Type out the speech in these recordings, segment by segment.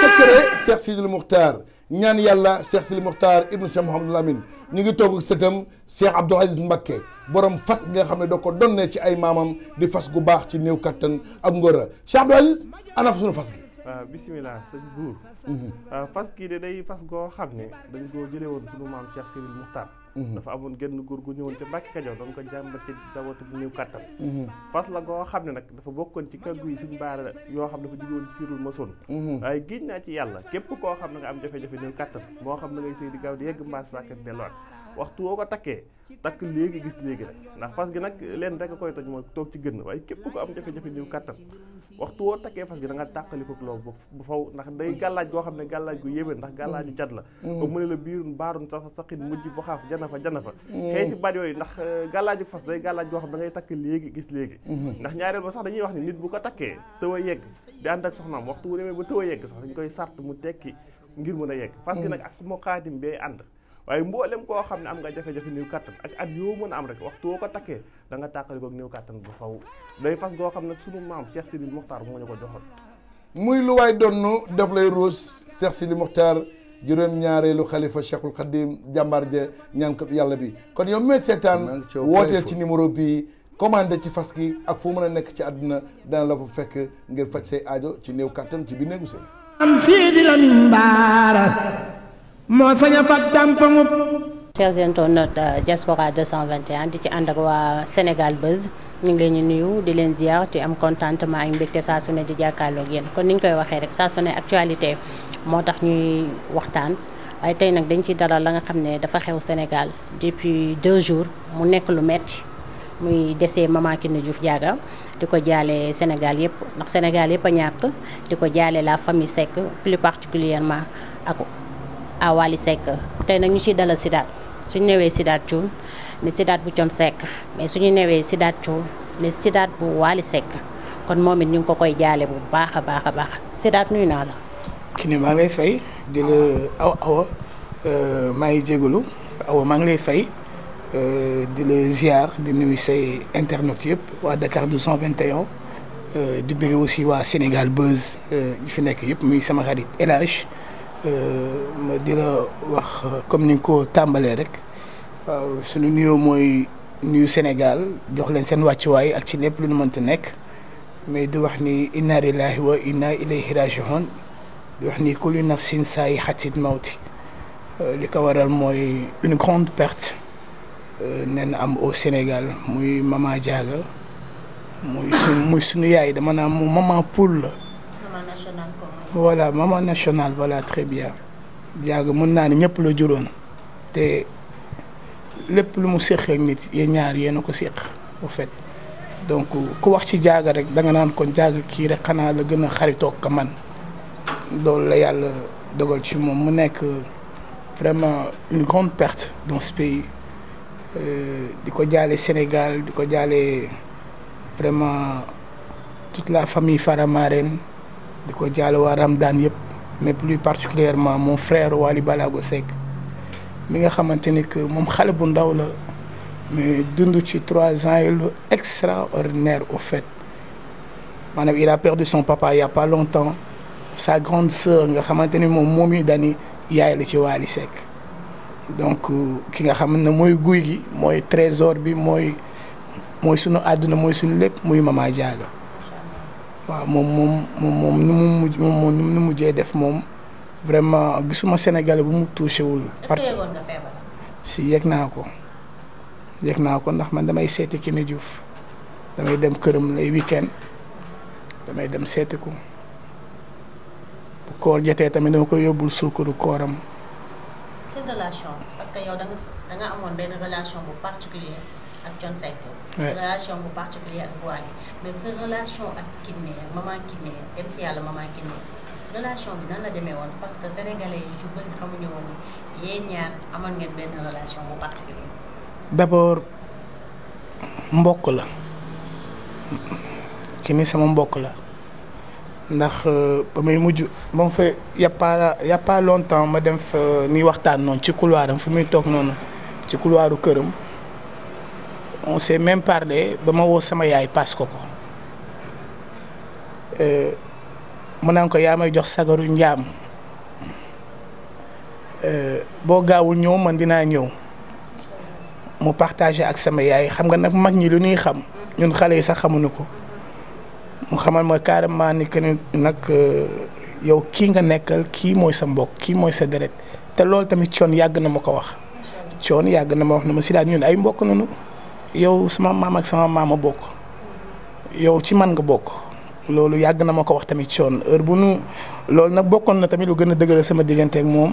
secret Cheikh Sidil Mukhtar ñaan yàlla Cheikh Sidil Mukhtar ibnu Cheikh Mouhamadul Amin ñu ngi toog ak sëtam Cheikh Abdoul Aziz Mbacké borom fas nga xam ne doo ko donnee ci ay maamam di fas gu baax ci néew kattan ak ngóor a Cheikh Aziz ana fa fas gi waaw ah, bisimilah sëñ buur mhm. ah, fas gi de day fas goo xam ne dañu koo jëlee woon ci sunu maam Cheikh Sidil Mukhtar Mm-hmm. dafa amoon genn góor gu ñëwoon te Mbàkke Kajoor doon ko jàmbat ci dawatu bu néew kàttan mm-hmm. fas la goo xam ne nag dafa bokkoon ci kàggu yi suñ baara yoo xam dafa jógoon ma masoon waaye giñ naa ci yàlla képp koo xam ne nga am jafe-jafe néew kàttan moo xam na ngay sëy di gaaw di yegg mbaas sàkkat delluwaat waxtu woo ko takkee takk léegi gis léegi rek ndax fas gi nag leen rek a koy toj moo toog ci gën waaye képp ko am jafe-jafe niw waxtu woo takkee fas gi da nga tàqalikook loolu bu faw ndax day gàllaaj goo xam ne gàllaaj gu yéeme ndax gàllaaju jat la mm. ba mu ne la sa sa saqin mujj bu xaaf jana fa jana fa mm. xëy ci baat yooyu ndax euh, gàllaaju fas gàllaaj goo xam da ngay takk léegi gis léegi mm-hmm. ndax ñaareel ba sax dañuy wax ni nit bu ko takkee tëw a yegg di ànd ak soxnaam waxtu wu demee ba tëw a yegg sax dañ koy sart mu tekki ngir mën a yegg mm. fas gi nag ak moo xaatim bee ànd waaye mboolem koo xam ne am nga jafe-jafe néew kattan ak at yoo mën a am rek waxtu ko takkee da nga tàqalikook néew kattan bu faw day fas goo xam ne sunu maam Cheikh Sidi Mokhtar moo ñu ko joxoon muy lu waay donnu def lay ruus Cheikh Sidi Mokhtar juróom ñaareelu xalifa Cheikhul Khadim jàmbaar ja ñaankat yàlla bi kon yow mee seetaan wooteel ci numéro bii commandé ci fas gi ak fu mën a nekk ci àdduna dana la fa fekk ngir faj say ajo ci néew kattan ci bi néegu sëy am siidi la min baara moo sañ a fag tàmpaŋub chers internautes diaspora 221 di ci ànd ak waa Sénégal Buzz ñu ngi leen di nuyu di leen ziar di am contentement ak mbégte saa su di jàkkaarloog génn kon ni ñu koy waxee rek saa su ne actualité moo tax ñuy waxtaan waaye tey nag dañ ciy dalal la nga xam ne dafa xew Sénégal depuis deux jours mu nekk lu metti muy desee Maman Kiné Diouf Diaga di ko jaalee Sénégal yëpp ndax Sénégal yëpp a ñàkk di ko jaalee la famille Seck plus particulièrement ak à Wally Seck tey nag ñu ciy dalal Sidath suñu newee Sidath Thioune ne Sidath bu Thione Seck mais suñu newee Sidath Thioune ne Sidath bu Wally sekk kon moom it ñu ngi ko koy jaale bu baax a baax a baax Sidath nuyu naa la. ki ne maa ngi lay fay di la aw awa euh, maa ngi jégalu awa maa ngi lay fay euh, di la ziar di nuyu say internet yëpp waa Dakar yow euh, di bëgg aussi waa Sénégal Buzz yi fi nekk yëpp muy sama xarit El Euh, ma di wax comme ni nga ko tàmbalee rek waaw suñu mooy nuyu Sénégal jox leen seen wàccuwaay ak ci lépp lu nu mënta nekk mais di wax ni inna lillahi wa inna ilayhi raji'un di wax ni kullu nafsin saa'iqatul mawti euh, li ko waral mooy une grande perte euh, nen am au Sénégal muy mamaa Diaga muy sunu yaay dama naan mu Mama la. voilà moment nationale voilà trè bien yàgg mën naa ne ñëpp la juróon te lépp lu mu séq ak nit yéen ñaar yéen ko séq au fait donc ku wax ci jaaga rek da nga naan kon jaaga kii rek xanaa la gën a xaritoog ko man loolu la yàlla dogal ci moom mu nekk vraiment une grande perte dans pays euh, di ko jaale Sénégal di ko jaale vraiment toute la famille Faramareen di ko jaale waa Ramadaan yëpp mais plus particulièrement mon frère Wally Balago Seck mi nga xamante ni que moom xale bu ndaw la mais dund ci trois ans yi lu extraordinaire au fait maanaam il la perdu son papa il y a pas longtemps sa grande sœur nga xamante ni moom moom yi dani yaay la ci Wally Seck donc euh, ki nga xam ne mooy guy gi mooy trésor bi mooy mooy sunu àdduna mooy sunu lépp muy Mama Diaga waaw moom moom moom moom nu mu mujj moom moom nu mujjee def moom vraiment gisuma Sénégalais bu mu touché wul. parce que si yëg naa ko yëg naa ko ndax man damay seeti Kine Diouf damay dem këram lay weekend damay dem seeti ko bu koor jotee tamit dama koy yóbbul suukaru kooram. ak relation bu particulier ak Wally mais sa relation ak Kiné maman Kiné dem si yàlla maman Kiné relation bi nan la demee woon parce que mbokk la Kiné sama mbokk la ndax euh, ba may mujj ba mu fa y a pas longtemps ma dem fa euh, ñuy waxtaan noonu ci couloiram fi muy toog noonu ci couloiru këram on s'est même parlé ba ma woo sama yaay paas ko ko euh, mu naan ko yaa may jox sagaru njaam euh, boo gaawul ñëw man dinaa ñëw mu partagé ak sama yaay xam nga nag mag ñi lu ñuy xam ñun xale yi sax xamuñu ko mu xamal ma carrément ni que ni nag euh, yow kii nga nekkal kii mooy sa mbokk kii mooy sa deret te loolu tamit coon yàgg na ma ko wax coon yàgg na ma wax na ma si daal ñun ay mbokk nanu yow sama maam ak sama maama bokk yow ci man nga bokk loolu yàgg na ma ko wax tamit coon heure bu nu loolu nag bokkoon na tamit lu gën a dëgëral sama diggante ak moom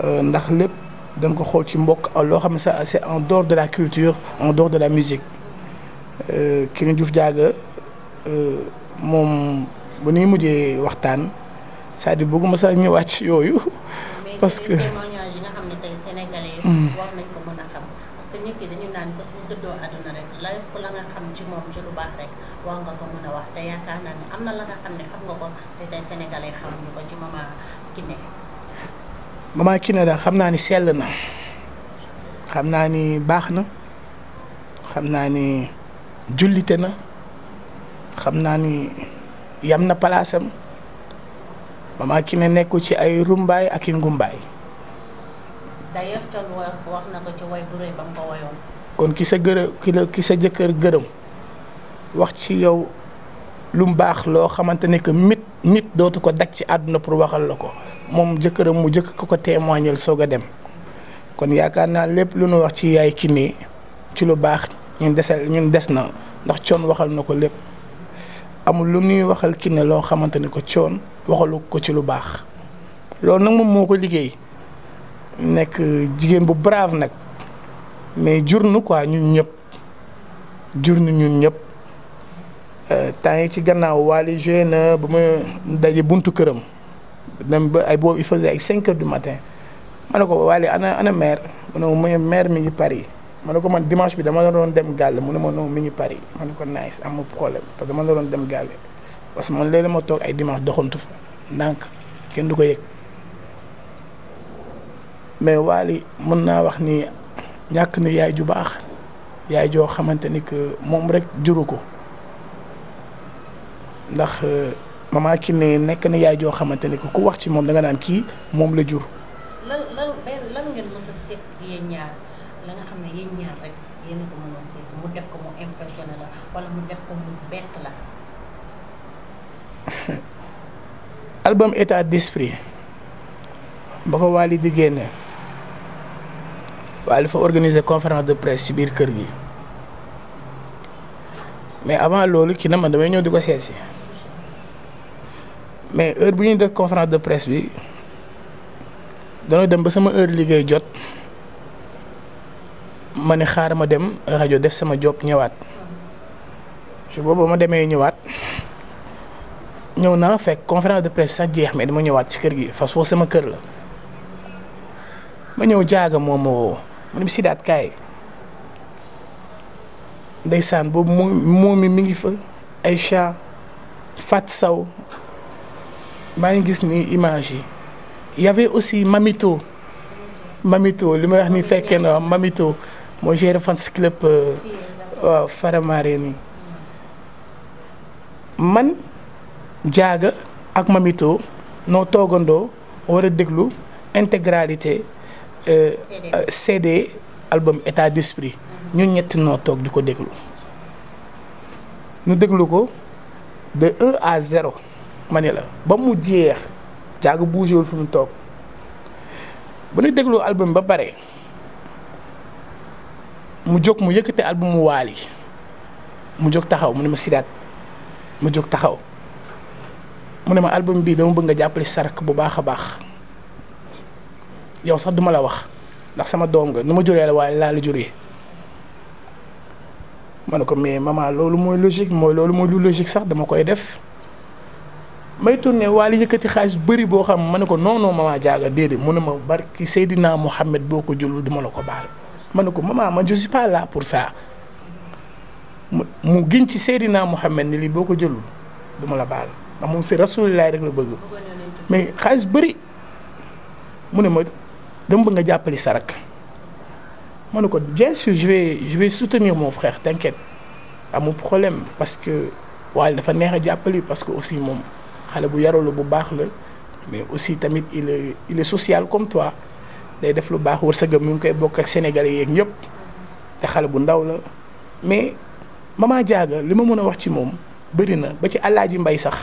euh, ndax lépp dañ ko xool ci mbokk loo xam ne ça c'est en dehors de la culture en dehors de la musique euh, Kiné Diouf Diaga euh, moom bu ñuy mujjee waxtaan c'est-à-dire bëgguma sax ñëwaat yooyu parce que la nga xam ci moom ci lu baax rek war nga ko mën a wax te yaakaar naa ne am na la nga xam ne xam nga ko te tey sénégalais xamuñu ko ci maman Kiné. maman Kiné daal xam naa ni sell na xam naa ni baax na xam naa ni jullite na xam naa ni yam na palaasam maman Kiné nekku ci ay rumbaay ak i ngumbaay. d'ailleurs Thione wax na ko ci way bu rëy ba mu ko wayoon. kon ki sa gërë ki la ki sa jëkkër gërëm wax ci yow lu mu baax loo xamante ne que mit mit dootu ko daj ci àdduna pour waxal la ko moom jëkkëram mu jëkk ko ko témoignal soog a dem kon yaakaar naa lépp lu nu wax ci yaay Kiné ci lu baax ñu desal ñu des na ndax coon waxal na ko lépp amul lu ñuy waxal Kiné loo xamante ne ko coon waxalu ko ci lu baax loolu nag moom moo ko liggéey nekk jigéen bu brave nag. mais jur nu quoi ñun ñëpp jur nu ñun ñëpp euh, temps yi ci gannaaw Wally joué na ba ma daje buntu këram dem ba ay boobu il faisait ay cinq heures du matin ma ne ko Wally ana ana mère mu ne ma mère mi ngi Paris ma ne ko man dimanche bi dama doon dem gàlle mu ne ma non mi ngi Paris ma ne ko nice amul problème parce que man la doon dem gàlle parce que man léeg-léeg ma toog ay dimanche doxantu fa ndànk kenn du ko yëg mais Wally mën naa wax ni. ñàkk na yaay ju baax yaay joo xamante ni que moom rek juru ko ndax ma euh, maman Kiné nekk na yaay joo xamante ni que ku wax ci moom danga naan kii moom la jur. lan lan lan ngeen mës a seet yéen ñaar la nga xam ne yéen ñaar rek yéen a ko mënoon mu def ko mu impressionné la wala mu def ko mu bett la. album état d'esprit ba ko Wally di génne. waaye dafa organiser conférence de presse ci biir kër gi mais avant loolu ki na man damay ñëw di ko seet si mais heure bu ñuy def conférence de presse bi danoo dem ba sama heure liggéey jot ma ne xaar ma dem rajo def sama job ñëwaat su boobu ma demee ñëwaat ñëw naa fekk conférence de presse sax jeex mais dama ñëwaat ci kër gi fas foo sama kër la ma ñëw jaaga moom ma mu ne sidaat kaay ndeysaan boobu moom moom mi mi ngi fa Aïcha Fat Saw maa ngi gis ni image yi aussi Mamito Mamito li may wax ni fekkee na Mamito moo géré fans club euh, waaw Faramareen man jaaga ak Mamito noo toogandoo war a déglu intégralité Euh, euh, CD album état d'esprit ñun ñetti noo toog di ko déglu ñu déglu ko de un à zéro ma ne la ba mu jeex jaaga bougéwul fi mu toog ba ñu déglu album ba pare mu jóg mu yëkkate album mu waali mu jóg taxaw mu ne ma sidaat mu jóg taxaw mu ne ma album bii dama bëgg nga jàppale sarak bu baax a baax yow sax duma la wax ndax sama doom nga nu ma juree la waaye laa la juree ma ne ko mais maman loolu mooy logique mooy loolu mooy lu logique sax dama koy def may tourné waali yëkkati xaalis bëri boo xam ma ne ko non non maman jaaga déedéet mu ne ma barki Seydina Mohamed boo ko julul duma la ko baal man ne ko maman ma je suis pas là pour ça mu gin ci Seydina Mohamed ni lii boo ko jëlul duma la baal ndax moom si rasulilaay rek la bëgg mais xaalis ma. dama bëgg nga jàppale sa rakk ma ne ko bien sûr je vais je vais soutenir mon frère t'inquiète amul problème parce que waaye dafa neex a jàppale parce que aussi moom xale bu yarul bu baax la mais aussi tamit il est il est social comme toi day def lu baax wërsëgam mu ngi koy bokk ak sénégalais yeeg ñëpp te xale bu ndaw la mais maman Diaga li ma mën a wax ci moom bëri na ba ci Alaaji Mbay sax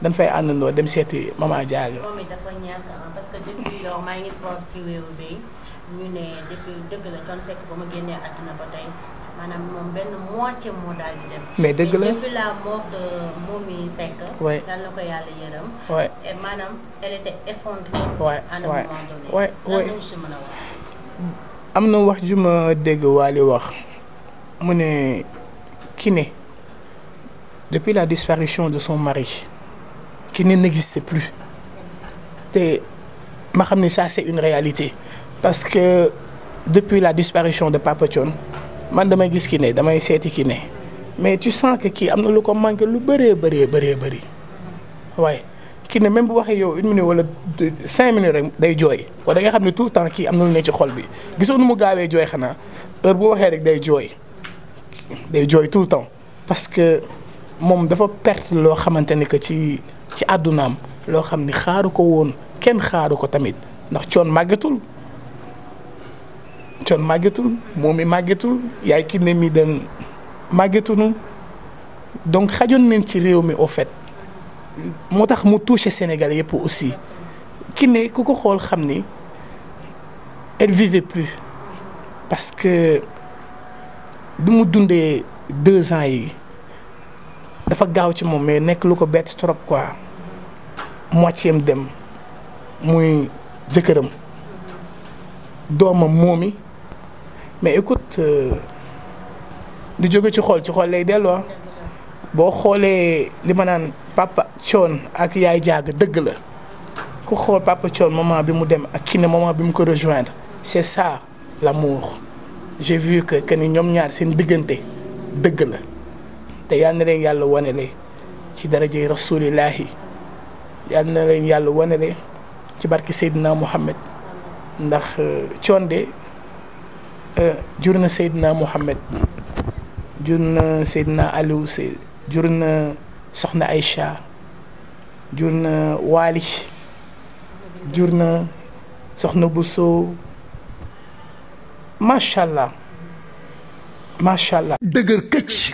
dan fay àndandoo dem seeti maman Diaga. yow maa ngi toog ci wéeru béy ñu ne depuis dëgg la Thione ba mu génnee àdduna ba tey maanaam moom benn moitié moo daal di dem. mais dëgg la mort de Momy Seck. oui dal na ko yàlla yërëm. oui maanaam elle était effondrée. oui à un wax. am na ne la disparition de son n'existe plus te. ma xam ni ça c'est une réalité parce que depuis la disparition de Papa man damay gis ki ne damay seeti ki ne mais tu kii am na lu ko manqué lu bëree bëree bëree bëri waaye ki ne même bu waxee yow une wala cinq minutes rek day jooy kon da nga xam ne tout le temps kii am na lu ne ci xol bi gisoon nu mu gaawee jooy xanaa heure boo waxee rek day jooy day jooy tout le temps parce que moom dafa perte loo xamante ni que ci ci àddunaam loo xam ni xaaru ko woon kenn xaaru ko tamit ndax coon màggatul coon màggatul moom mi màggatul yaay ki mii mi dem màggatunu donc xajoon nañ ci réew mi au fait moo tax mu touché Sénégal yëpp aussi ki ku ko xool xam ni elle vivait plus parce que du mu dundee deux ans yi dafa gaaw ci moom mais nekk lu ko bett trop quoi moitié dem. muy jëkkëram doomam moomi mais écoute euh, lu jóge ci xool ci xool lay delloo ah. boo xoolee li ma naan papa coon ak yaay jàgg dëgg la ku xool papa coon moment bi mu dem ak Kiné moment bi mu ko rejoindre c'est ça la l'amour j'ai vu que que ni ñoom ñaar seen diggante dëgg la te yal na leen yàlla wane wanele ci darajey rasulillahi yal na leen yàlla wane wanele ci barki Seydina Mouhamed ndax euh, coon de euh, jur na Seydina Mouhamed jur na Seydina Aliou Sey jur na Soxna Aïcha jur na Waali jur na Soxna Bousso macha allah macha allah. dëgër këcc.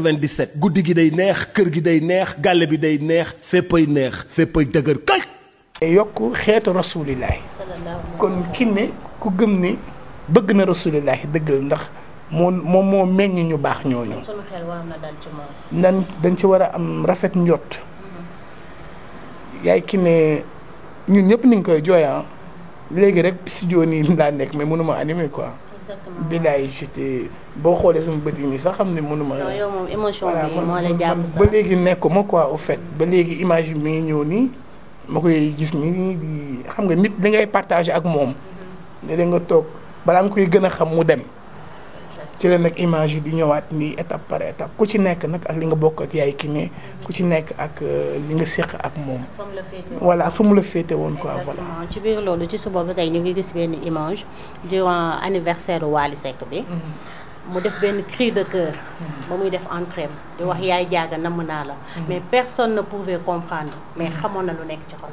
97 guddi gi day neex kër gi day neex gàlle bi day neex féppay neex féppay dëgër kay yokk xeetu rasulillahi kon kinne ku gëm ni bëgg na rasulillahi dëggal ndax moom moom moo meññ ñu baax ñooñu nan dañ ci war a am rafet njot yaay kinne ñun ñëpp ni ngi koy jooya ah. léegi rek si studio nii laa nekk mais mënuma animer quoi bilaay boo xoolee sama bët yi nii sax xam ne mënuma. non yow moom émotion bi moo la jàpp sax ba léegi nekkuma quoi au fait. ba léegi image bi mi ngi ñëw nii ma koy gis nii di xam nga nit li ngay partagé ak moom. ne mm-hmm. nga toog balaa nga koy gën a xam mu dem. ci la nag image yi di ñëwaat nii étape par étape ku ci nekk nag ak li nga bokk ak yaay ki ne ku ci nekk ak euh, li nga séq ak moom. voilà fa mu la féete woon quoi voilà. ci biir loolu ci suba ba tey ñu ngi gis benn image durant anniversaire Wally Seck bi. Mm-hmm. mu def benn cris de cœur. Hmm. ba muy def entrée di wax yaay jaaga namm naa la. Hmm. mais personne ne pouvait comprendre mais hmm. xamoon na lu nekk ci xol.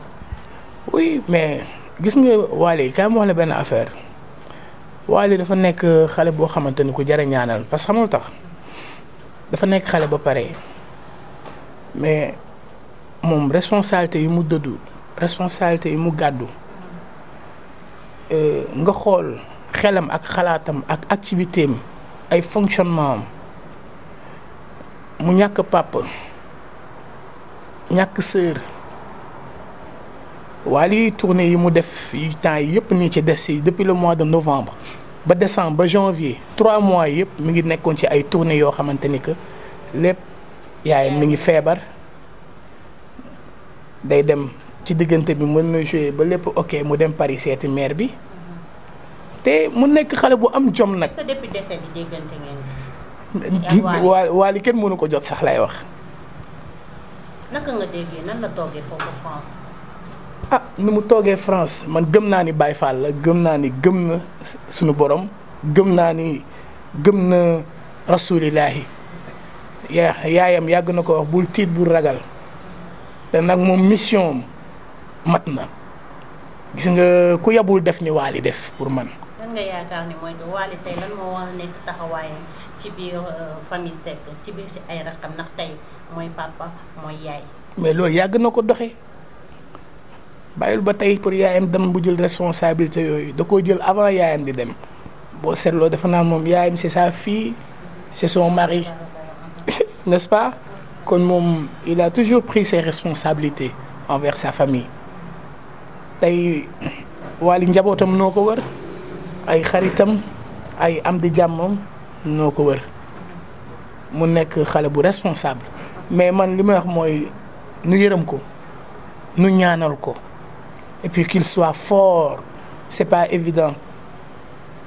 oui mais gis nga Waly yi ma wax la benn affaire Waly dafa nekk xale boo xamante ni ku jara ñaanal parce que xamul tax dafa nekk xale ba pare mais moom responsabilité yi mu dëddu responsabilité yi mu gàddu euh, nga xool xelam ak xalaatam ak activité ay fonctionnement mu ñàkk papa ñàkk sœur waa liy tournée yi mu def yi temps yi yëpp nii ci des yi depuis le mois de novembre ba décembre ba janvier trois mois yëpp mi ngi nekkoon ci ay tournée yoo xamante ni que lépp yaay mi ngi feebar day dem ci diggante bi mën na jouer ba lépp ok mu dem Paris seeti maire bi te mu nekk xale bu am jom nag. sa depuis waali kenn mënu ko jot sax lay wax. naka nga ah, ni mu toogee France man gëm naa ni baay Fall la gëm naa ni gëm na suñu borom gëm naa ni gëm na rasulillahi yaa yaayam yàgg na ko wax bul tiit bul ragal te nag moom mission mat na gis nga ku yabul def ni waali def pour man nga yaakaar ni mooy lan moo war nekk taxawaayam euh, mooy papa mooy yaay. mais loolu yàgg na ko doxe bàyyil ba tey pour yaayam dem bu jël responsabilité yooyu da koo jël avant yaayam di dem boo seetloo dafa naa moom yaayam c'est sa fii c'est son mari n'est-ce kon moom il a toujours pris ses responsabilités envers sa famille tey Wally njabootam noo ko wër. ay xaritam ay am di jàmmam noo ko wër mu nekk xale bu responsable mais man li may wax mooy nu yërëm ko nu ñaanal ko et puis qu'il soit fort c'est pas évident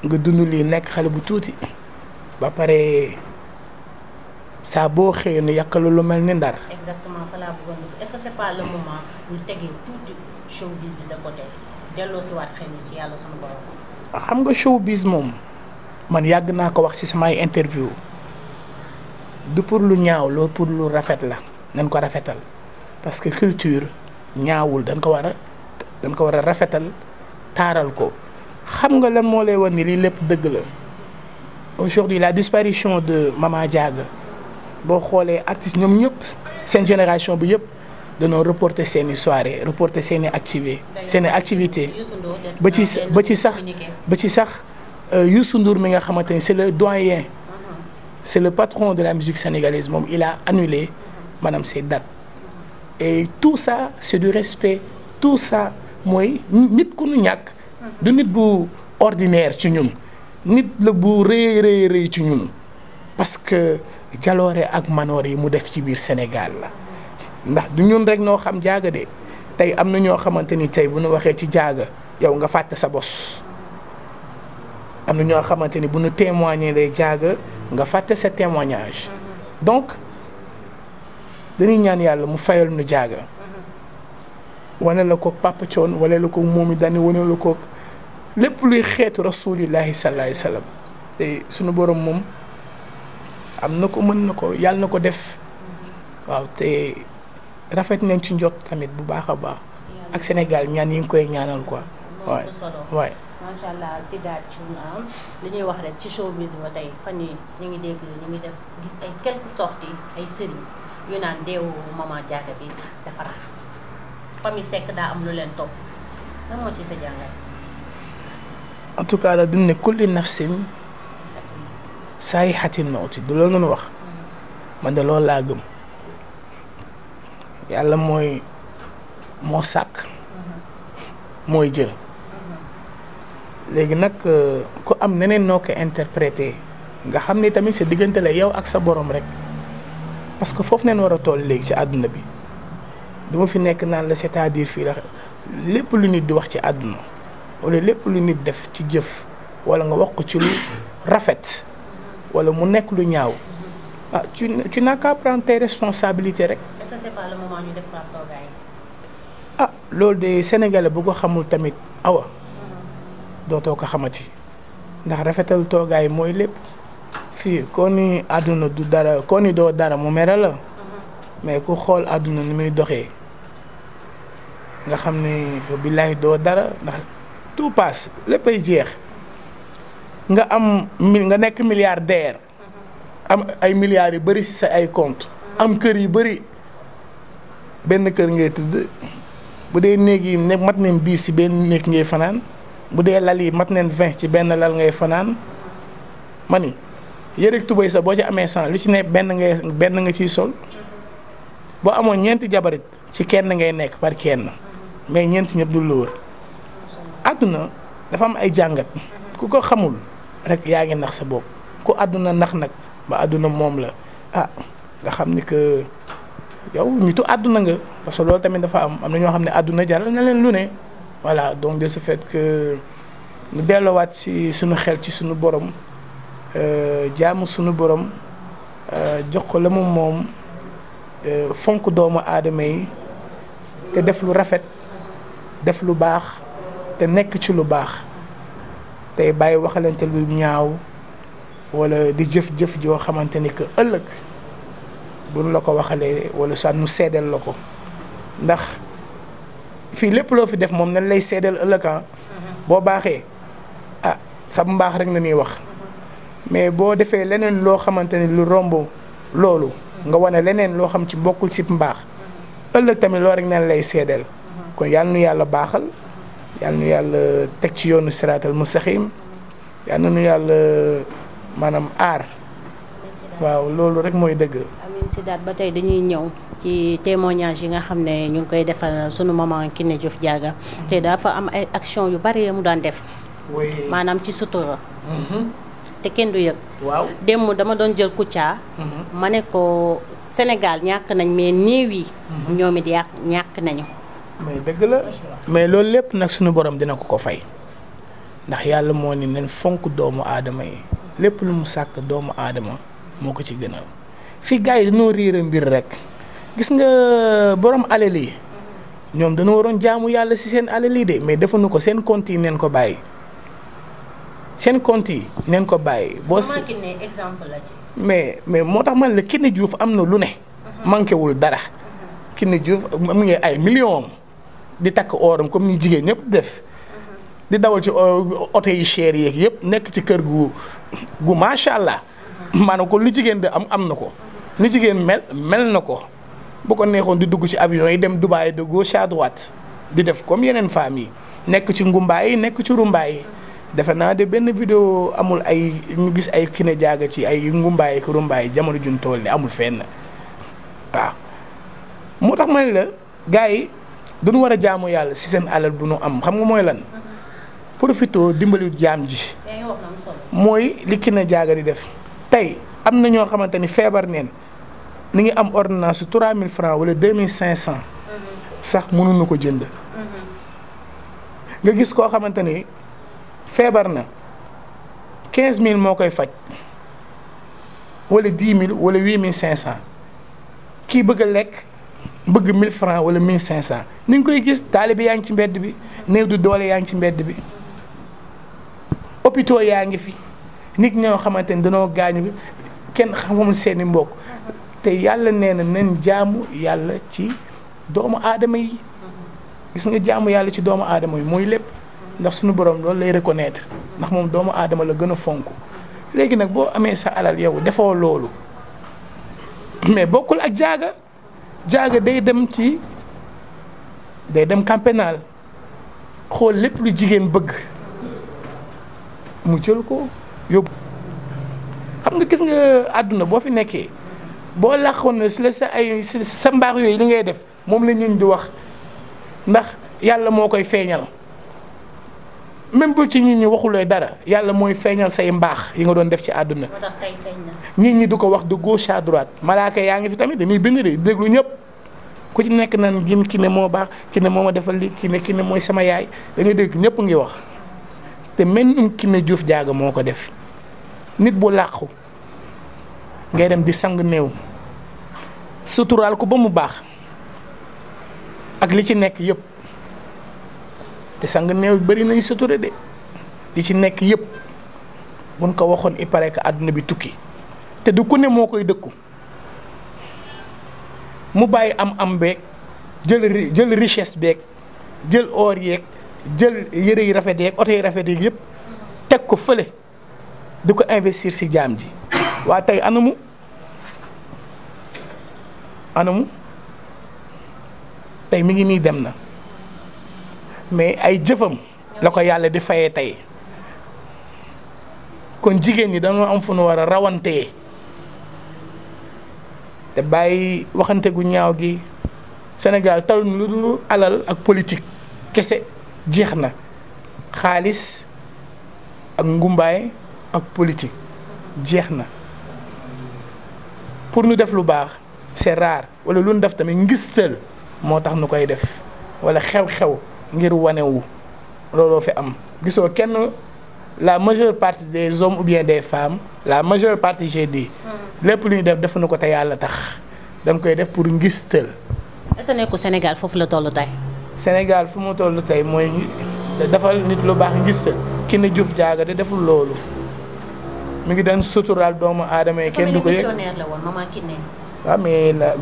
nga dund lii nekk xale bu tuuti ba pare saa boo xëyee nu yàqalu lu mel ni ndar. exactement fa xam nga bis moom man yàgg naa ko wax ci samay interview du pour lu ñaaw loolu pour lu rafet la nañ ko rafetal parce que culture ñaawul dañ ko war a dañ ko war a rafetal taaral ko xam nga lan moo lay wan ni lii lépp dëgg la aujourd'hui la disparition de Mama Diaga boo xoolee artistes ñoom ñëpp seen génération bi yëpp danoo reporter seen i reporter seeni i seen i activité ba ci ba ci sax ba ci sax euh, Youssou Ndour mi nga xamante ni c'est le doyen c'est le patron de la musique sénégalaise moom il a annulé maanaam ses dates et tout ça c'est du respect tout ça mooy nit ku nu ñàkk du nit bu ordinaire ci ñun nit la bu rëy rëy rëy ci ñun parce que jaloore ak manoor yi mu def ci biir Sénégal la ndax du ñun rek noo xam jaaga de tey am na ñoo xamante ni tey bu ñu waxee ci jaaga yow nga fàtte sa bos am na ñoo xamante ni bu ñu témoigner lay jaaga nga fàtte sa témoignage donc dañuy ñaan yàlla mu fayal nu jaaga wane la ko Papa Thion wane la ko Momy Dani wane la ko lépp luy xeetu rasulillahi sallallahu alayhi wa sallam sunu borom moom am na ko mën na ko yàlla na ko def waaw te. rafet nañ ci njot tamit bu baax a baax ak Sénégal ñaan yi ngi koy ñaanal ko waay waay. macha allah Sida Thioune ah, li ñuy wax rek ci showbiz ba fan yi ñu ngi gis ay ay sëriñ yu naan deewu daa am lu leen topp lan moo ci tout cas daal dina ne kulli nafsin saa yi xatin mawti du loolu noonu wax mm. man de loolu laa gëm. yàlla mooy moo sàkk mhm. mooy jël mhm. léegi nag euh, ku am neneen noo ko interprété nga xam ni tamit sa diggante la yow ak sa borom rek parce que foofu neen war a tool léegi ci àdduna bi duma fi nekk naan la cest à fii la lépp lu nit di wax ci àdduna wala lépp lu nit def ci jëf wala nga wax ko ci lu rafet wala mu nekk lu ñaaw ah tu tu n'as qu'à prendre rek. est ah, loolu de sénégalais bu ko xamul tamit awa. Mm-hmm. dootoo ko xamati. ndax rafetal toogaay mooy lépp. fii koo ni àdduna du dara koo ni doo dara mu mere la. Mm-hmm. mais ku xool àdduna ni muy doxee. nga xam ni billaay doo dara ndax tout lépp ay jeex. nga am nga nekk milliardaire. am ay milliards yu bëri si sa ay compte am kër yu bari benn kër ngay tëdd bu dee néeg yi ne mat neen dix si benn néeg ngay fanaan bu dee lal yi mat neen vingt ci benn lal ngay fanaan ma ni yëre tubéy sa boo ci amee cent lu ci ne benn ngay benn nga ciy sol boo amoon ñeenti jabarit ci kenn ngay nekk par kenn mais ñeenti ñëpp du lóor àdduna dafa am ay jàngat ku ko xamul rek yaa ngi nax sa bopp ku àdduna nax nag ba àdduna moom la ah nga xam ni que yow nitu àdduna nga parce que loolu tamit dafa am am na ñoo xam ne àdduna jaral na leen lu ne voilà donc de ce fait que ñu delloowaat ci suñu xel ci suñu borom euh, jaamu sunu borom euh, jox ko la mu moom euh, fonk doomu aadama yi te def lu rafet def lu baax te nekk ci lu baax tey bàyyi waxalante lu ñaaw wala di jëf-jëf joo xamante ni que ëllëg buñ la ko waxalee wala soit mu seddal la ko ndax fii lépp loo fi def moom nañ lay seddal ëllëg ah. mhm. boo baaxee a ah, sa mbaax rek na ñuy wax mais boo defee leneen loo xamante ni lu romb loolu nga wane leneen loo xam ci mbokkul si mbaax ëllëg tamit loo rek nañ lay seedeel mhm. kon yàlla nu yàlla baaxal yàlla nu yàlla teg ci yoonu siraatal mustaqiim yàlla nu yàlla maanaam aar waaw loolu rek mooy dëgg. Sidaat ba tey dañuy ñëw ci témoignage yi nga xam ne ñu ngi koy defal sunu maman Kiné Diouf Diaga mm-hmm. te dafa am ay action yu bari mu daan def. maanaam ci sutura. Mm-hmm. te kenn du yëg. waaw démb dama doon jël Kouthia. Mm-hmm. ma ne ko Sénégal ñàkk nañ mais néew yi. ñoom it yàq ñàkk nañu. mais dëgg la mais loolu lépp nag suñu borom dina ko ko fay ndax yàlla moo ni leen fonk doomu aadama yi. lépp lu mu sàkk doomu aadama moo ko ci gënal fii gars yi dañoo réer mbir rek gis nga borom alal yi ñoom dañu waroon jaamu yàlla si seen alal yi de mais defuñu ko seen compte yi neen ko bàyyi seen compte neen ko bàyyi. boo mais mais moo tax man la Kine Diouf am na lu ne. Mhm. manqué wul dara. Mhm. Kine Diouf am nga ay millions di takk ooram comme ni jigéen ñëpp def. Mhm. di dawal ci euh, oto yi cher yeeg yëpp nekk ci kër gu. gu macha allah maanaam ko lu jigéen di am am na ko lu jigéen mel mel na ko bu ko neexoon di dugg ci avion yi dem Dubaay de gauche à di def comme yeneen femmes yi nekk ci ngumbaay yi nekk ci rumbaay yi defe naa de benn vidéo amul ay ñu gis ay Kiné Diaga ci ay ngumbaay ak rumbaay jamono jun tool ni amul fenn waaw moo tax ma ne la gars yi duñu war a jaamu yàlla si seen alal du ñu am xam nga mooy lan mhm. profito dimbali jaam ji mooy likki na jaaga di def tey am na ñoo xamante ni feebar neen ni ngi am ordonnance su mille francs wala 2500 mm-hmm. sax mënuñu ko jënd mm-hmm. nga gis koo xamante ni feebar na quinze mille moo koy faj wala 10000 wala 8500 kii bëgg lekk bëgg 1000 francs wala cent ni ngi koy gis taalibe yaa ngi ci mbedd bi néew du doole yaa ngi ci mbedd bi hôpitaux yaa ngi fi. nit ñoo xamante ni dañoo gaañu kenn xamul seeni mbokk te yàlla nee na nañ jaamu yàlla ci doomu aadama yi gis nga jaamu yàlla ci doomu aadama yi mooy lépp ndax suñu borom loolu lay reconnaître ndax moom doomu aadama la gën a fonk léegi nag boo amee sa alal yow defoo loolu mais bokkul ak jaaga jaaga day dem ci day dem camp xool lépp lu jigéen bëgg mu jël ko. yóbbu xam nga gis nga àdduna boo fi nekkee boo làqoon na si la sa ay si sa mbaax yooyu li ngay def moom la ñun di wax ndax yàlla moo koy feeñal même bu ci nit ñi waxulee dara yàlla mooy feeñal say mbaax yi nga doon def ci àdduna. nit ñi du ko wax de gauche à droite yaa ngi fi tamit dañuy bind de déglu ñëpp ku ci nekk nan gin ki ne moo baax ki ne moo ma defal li ki ne mooy sama yaay dañuy dégg ñëpp ngi wax. te mennum Kiné Diouf Diaga moo ko def nit bu làqu ngay dem di sang néew suturaal ko ba mu baax ak li ci nekk yëpp te sang néew bari nañ sutura de li ci nekk yëpp buñ ko waxoon il pare que àdduna bi tukki te du ku ne moo koy dëkku mu bàyyi am am beeg jël jël richesse beeg jël or yeek jël yére yi rafet yeeg oto yi rafet yeeg yëpp teg ko fële di ko investir si jaam ji waa tey anamu anamu tey mi ngi nii dem na mais ay jëfam la ko yàlla di fayee tey kon jigéen ñi dañoo am fu nu war a rawantee te bàyyi waxante gu ñaaw gi Sénégal talul lu dul alal ak politique kese. jeex na xaalis ak ngumbaay ak politique jeex na pour ñu def lu baax c'est rare wala lu ñu def tamit ngistal moo tax nu koy def wala xew-xew ngir wanewu looloo fi am gisoo kenn la majeure partie des hommes ou bien des femmes la majeure partie j'ai dit lépp lu ñu def defuñu ko te yàlla tax dañ koy def pour ngistal est-ce que nekku Sénégal foofu la tollu tey Sénégal fu mu toll tey mooy defal nit lu baax ngis ki ne Diouf Diaga de deful loolu mu ngi daan suturaal doomu aadama yi kenn du ko waaw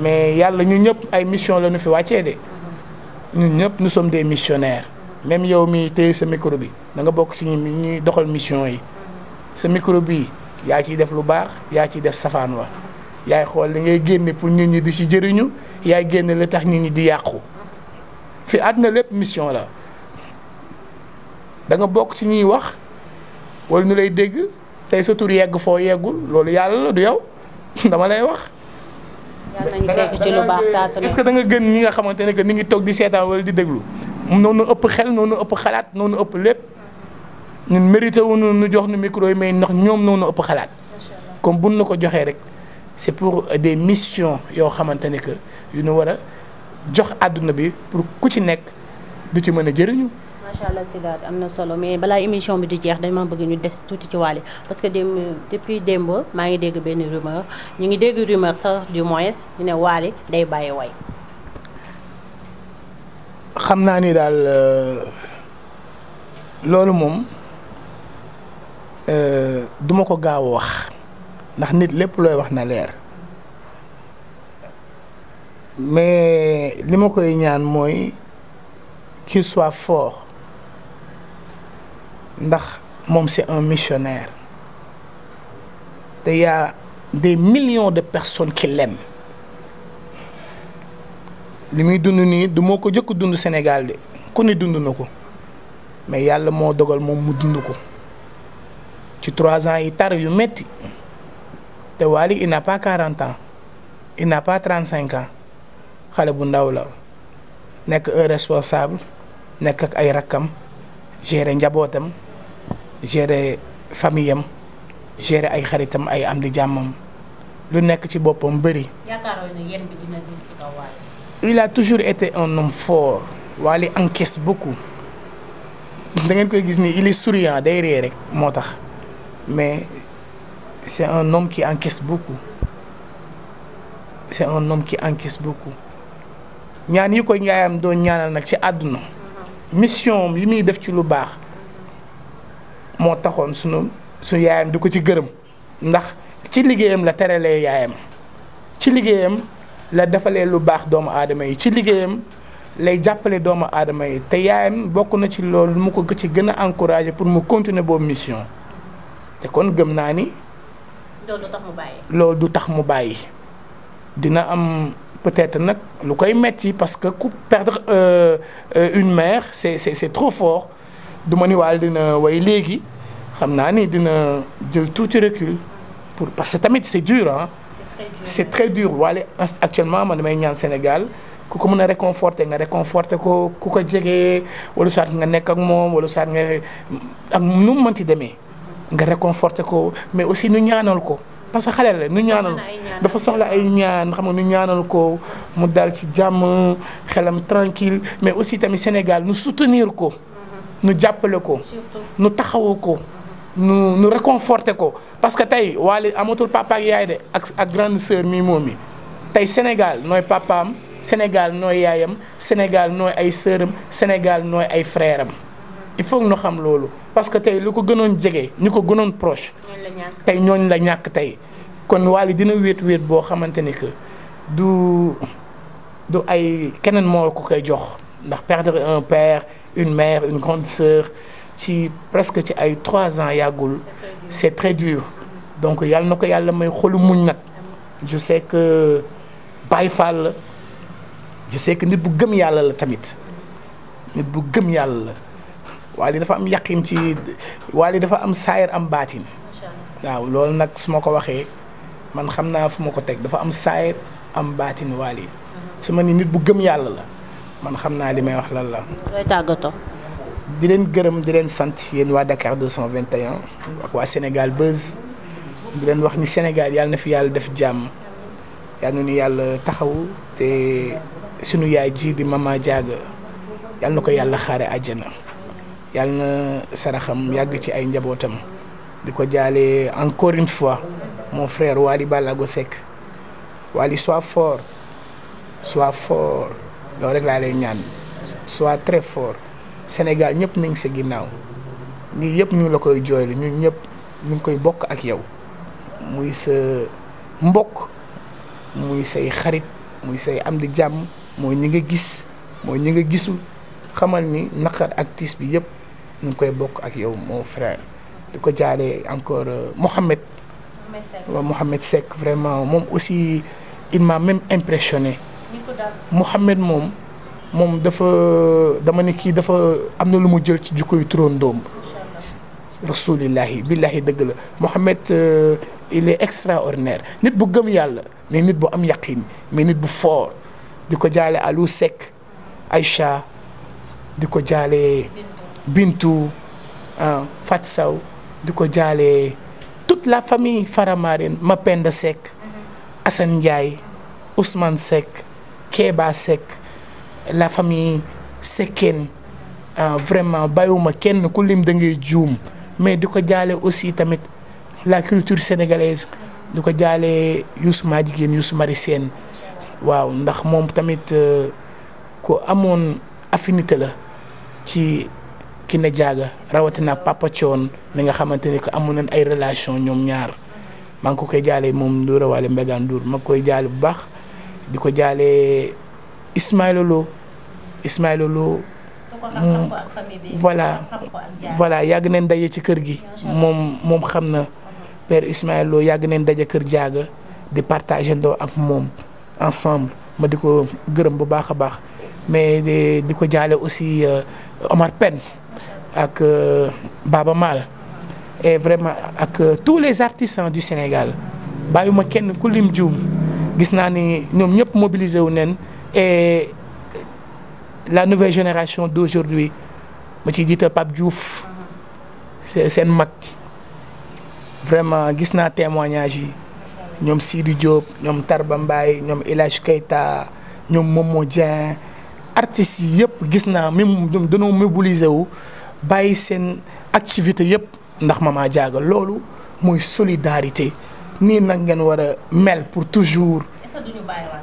mais yàlla ñu ñëpp ay mission lañu fi wàccee de mm-hmm. ñun ñëpp nu sommes des missionnaires même yow mi tey sa micro bi da nga bokk si ñuy doxal mission yi mm-hmm. sa micro bi yaa ciy def lu baax yaa ciy def safaan wa yaay xool li ngay génne pour ñu ñi di si jëriñu yaay génne li tax ñu ñi di yàqu fi àdduna lépp mission la danga bokk ci ñuy wax wala ñu lay dégg tey sa tur yegg foo yeggul loolu yàlla la du yow dama lay wax. est-ce que da nga gën ñi nga xamante ne que ni ngi toog di seetaan wala di déglu noonu ëpp xel noonu ëpp xalaat noonu ëpp lépp ñun mérité wu ñu jox nu micro yi ndox ñoom noonu ëpp xalaat. comme buñ na ko joxee rek c'est pour des mission yoo xamante ne que yu ñu war jox àdduna bi pour ku ci nekk du ci mën a jëriñu. macha allah si daal am na solo mais balaa émission bi di jeex dañ ma bëgg ñu des tuuti ci Wally parce que démb depuis démb maa ngi dégg benn rumeur ñu ngi dégg rumeur sax du moins ñu ne Wally day bàyyi way xam naa ni daal euh, loolu moom euh, duma ko gaaw wax ndax nit lépp looy wax na leer. mais li ma koy ñaan mooy qu'il soit fort ndax moom c'est un missionnaire te y a des millions de personnes ki l'aiment li muy dund nii du moo ko jëkk dund Sénégal de ku ne dund na ko mais yàlla moo dogal moom mu dund ko ci trois ans yi tar yu metti te Wally il n'a pas quarante ans il n'a pas trente-cinq ans xale bu ndaw la nekk un responsable nekk ak ay rakkam gérer njabootam gérer famille am gérer ay xaritam ay am di jàmmam lu nekk ci boppam bëri. il a toujours été un homme fort. Wally encaisse beaucoup da ngeen koy gis ni il est souriant day ree rek moo tax mais c'est un homme qui encaisse beaucoup c'est un homme qui bu beaucoup. ñaan yi ko yaayam doon ñaanal nag ci àdduna mission yi muy def ci lu baax moo taxoon sunu su yaayam du ko ci gërëm ndax ci liggéeyam la teralee yaayam ci liggéeyam la defalee lu baax doomu aadama yi ci liggéeyam lay jàppale doomu aadama yi te yaayam bokk na ci loolu mu ko ci gën a encouragé pour mu continuer boobu mission te kon gëm naa ni. loolu du tax mu bàyyi. du tax mu bàyyi dina am. peut-être nag lu koy metti parce que ku perdre euh, euh, une mère c'est c'est c'est trop fort du ma ni waal dina way léegi xam naa ni dina jël tuuti recul pour parce que tamit c'est dur ah c'est très dur waale actuellement man may ñaan Sénégal ku ko mën a réconforter nga réconforter ko ku ko jege wala soit nga nekk ak moom wala soit nga ak nu mu mënti demee nga réconforter ko mais aussi nu ñaanal ko parce que xale la nu ñaanal dafa soxla ay ñaan xam nu ñaanal ko mu dal ci jàmm xelam tranquille mais aussi tamit Sénégal nu soutenir ko nu jàppale ko nu taxawu ko nu nu ko parce que tey Wally amatul papa ak yaay de ak ak grande sœur mii moom mi tey Sénégal nooy papaam Sénégal nooy yaayam Sénégal nooy ay sœuram Sénégal nooy ay frèram il faut ñu xam loolu parce que tey lu ko gënoon jege ñu ko gënoon proche. tey ñooñ la ñàkk tey. kon Wally dina wéet wéet boo xamante ni que du du ay keneen moo ko koy jox ndax perdre un père une maire une grande sœur ci presque ci ay trois ans yàggul c'est très dur donc yàlla na ko yàlla may xolu muñ nag je sais que Baye Fall je sais que nit bu gëm yàlla la tamit nit bu gëm yàlla la. Wally dafa am yaqin ci Wally dafa am saayir am baatin waaw loolu nag su ma ko waxee man xam naa fu ma ko teg dafa am saayir am baatin Wally su ni nit bu gëm yàlla la man xam naa li may wax lan la. looy di leen gërëm di sant yéen waa Dakar 221 ak waa Sénégal Buzz di leen wax ni Sénégal yàlla na fi yàlla def jàmm yàlla na ñu yàlla taxaw te sunu yaay ji di mamaa Diaga yàlla ko yàlla xaare àjjana. yàlla na saraxam yàgg ci ay njabootam di ko jaalee encore une fois mon frère Wally Ballago Seck Wally sois fort sois fort loolu rek laa lay ñaan soit très fort Sénégal ñëpp nañ sa ginnaaw lii yëpp ñu la koy jooylu ñu ñëpp ñu ngi koy bokk ak yow muy sa mbokk muy say xarit muy say am di jàmm mooy ñu nga gis mooy ñi nga gisu xamal ni naqar ak tiis bi yëpp ñu koy bokk ak yow mon di ko jaalee encore euh, Mohamed waaw Mohamed Seck vraiment moom aussi il m'a même impressionné Mohamed moom moom dafa dama ne kii dafa am na lu mu jël ci jukkoy turoon doom rasulillahi billahi dëgg la Mohamed euh, il est extraordinaire nit bu gëm yàlla mais nit bu am yaqin mais nit bu fort di ko jaale Aliou Seck Aïcha di ko jaale Bintu ah, Fat Saw di ko jaalee toute la famille Faramareen Mapenda Seck Assane Ndiaye Ousmane Seck Kéba Seck la famille Seckeen ah, vraiment bàyyiwuma kenn ku lim da ngay juum mais du ko jaalee aussi tamit la culture sénégalaise du ko jaalee Youssou maa jigéen Youssou Mari waaw ndax moom tamit ah, ku amoon affinité la ci ki ne jaaga rawatina papa coon mi nga xamante ni que amul nañ ay relation ñoom ñaar maa ngi ko koy jaale moom Ndoura Wale Mbégane Ndour ma koy jaale bu baax di ko jaale Ismaïla Lo Ismaïla Lo voilà voilà yàgg neen daje ci kër gi moom moom xam na père Ismaïla yàgg neen daje kër jaaga di partager ndoo ak moom ensemble ma di ko gërëm bu baax a baax mais di ko jaale aussi euh, Omar Pène ak euh, Baba Maal et vraiment ak euh, tous les artistes du Sénégal bàyyuma kenn ku lim juum gis naa ni ñoom ñëpp mobilisé wu neen et la nouvelle génération d'aujourd'hui ma ciy jiital Pape Diouf seen mag vraiment gis naa témoignage yi ñoom Sidi Diop ñoom Tarba Mbaye ñoom El Hadj ñoom Momo Dieng artistes yi yëpp gis naa même ñoom dañoo mobiliser wu bàyyi seen activité yëpp ndax Mama Diaga loolu mooy solidarité nii nag ngeen war a mel pour toujours. est-ce duñu bàyyiwaat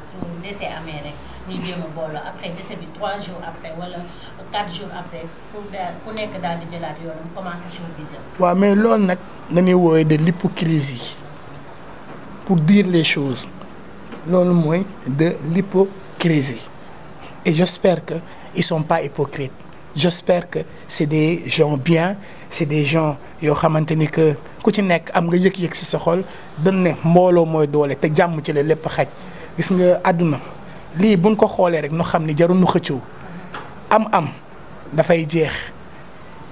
jours après waaw mais loolu nag nañuy woowee de l'hypocrisie pour dire les choses loolu mooy de l'hypocrisie et j'espère que ils sont pas hypocrites j'espère que c'est des gens bien c'est des gens yoo xamante ni que ku ci nekk am nga yëg-yëg ci sa xol dañ ne mbooloo mooy doole te jàmm ci la lépp xaj gis nga àdduna lii bu buñ ko xoolee rek nu xam ni jarul nu xëccoo am-am dafay jeex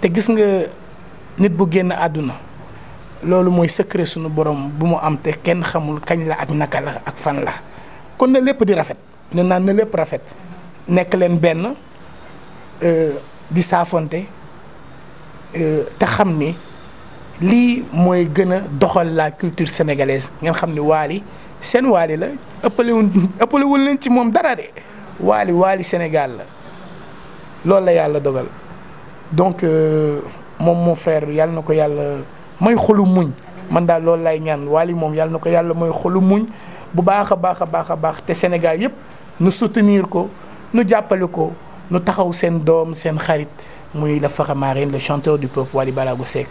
te gis nga nit bu génn àdduna loolu mooy secret sunu borom bu mu am te kenn xamul kañ la ak naka la ak fan la kon na lépp di rafet ne naan na lépp rafet nekk leen benn. Euh, di saafonte euh, te xam ni lii mooy gën a doxal la culture sénégalaise ngeen xam ni waali seen waali la ëppalewul ëppalewul leen ci moom dara de waali waali Sénégal la loolu la yàlla dogal donc euh, moom mon frère yàlla na ko yàlla may xolu muñ man daal loolu lay ñaan waali moom yàlla na ko yàlla may xolu muñ bu baax a baax a baax a baax te Sénégal yépp nu soutenir ko nu jàppale ko. nu taxaw seen doom seen xarit muy la Faramareen le chanteur du peuple Wally Ballago Seck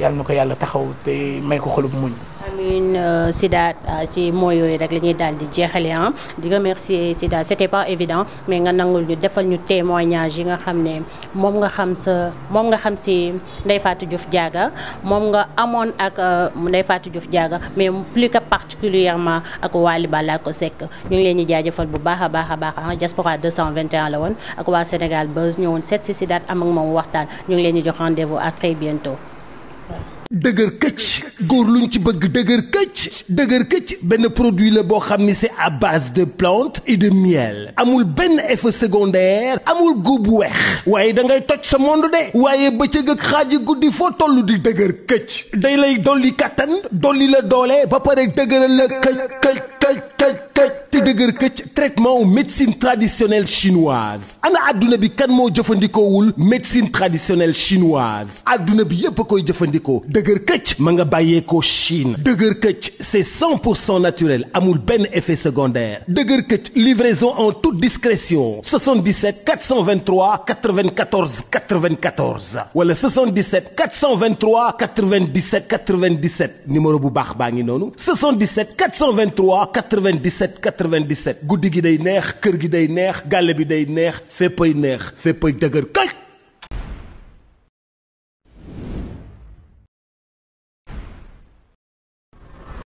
yàlla na ko yàlla taxaw te may ko xolub muñ commune euh, Sida euh, ci moo yooyu rek la ñuy daal di jeexale ah di remercier Sida c'était pas évident mais nga nangul ñu defal ñu témoignage yi nga xam ne moom nga xam sa moom nga xam si Ndeye Fatou Diouf Diaga moom nga amoon ak euh, Ndeye Fatou Diouf Diaga mais plus que particulièrement ak Wally ko Seck ñu ngi leen di jaajëfal bu baax a baax a baax ah diaspora 221 la woon ak waa Sénégal Buzz ñëwoon seet si Sida am ak moom waxtaan ñu ngi leen di jox rendez-vous à très dëgër këcc góor luñ ci bëgg dëgër këcc dëgër këcc benn produit la boo xam ni c'est à base de plantes et de miel amul benn effet secondaire amul góob bu weex waaye da ngay toj sa monde de waaye bëccëg ak xaaji guddi foo toll di dëgër këcc day lay dolli kattan dolli la doole ba pare dëgëral la këcc këcc këcc këcc te dëgër këcc traitement médecine traditionnel chinoise ana àdduna bi kan moo jëfandikoowul médecine traditionnel chinoise adduna bi yépp koy jëfandikoo dëgër këcc ma nga bàyyee ko Chine dëgër këcc c'est 100 pour cent naturel amul benn effet secondaire dëgër këcc livraison en toute discrétion 77 423 94 94 wala 77 423 97 97 numéro bu baax baa ngi noonu 77 423 97 97 guddi gi day neex kër gi day neex gàlle bi day neex féppay neex féppay dëgër këcc.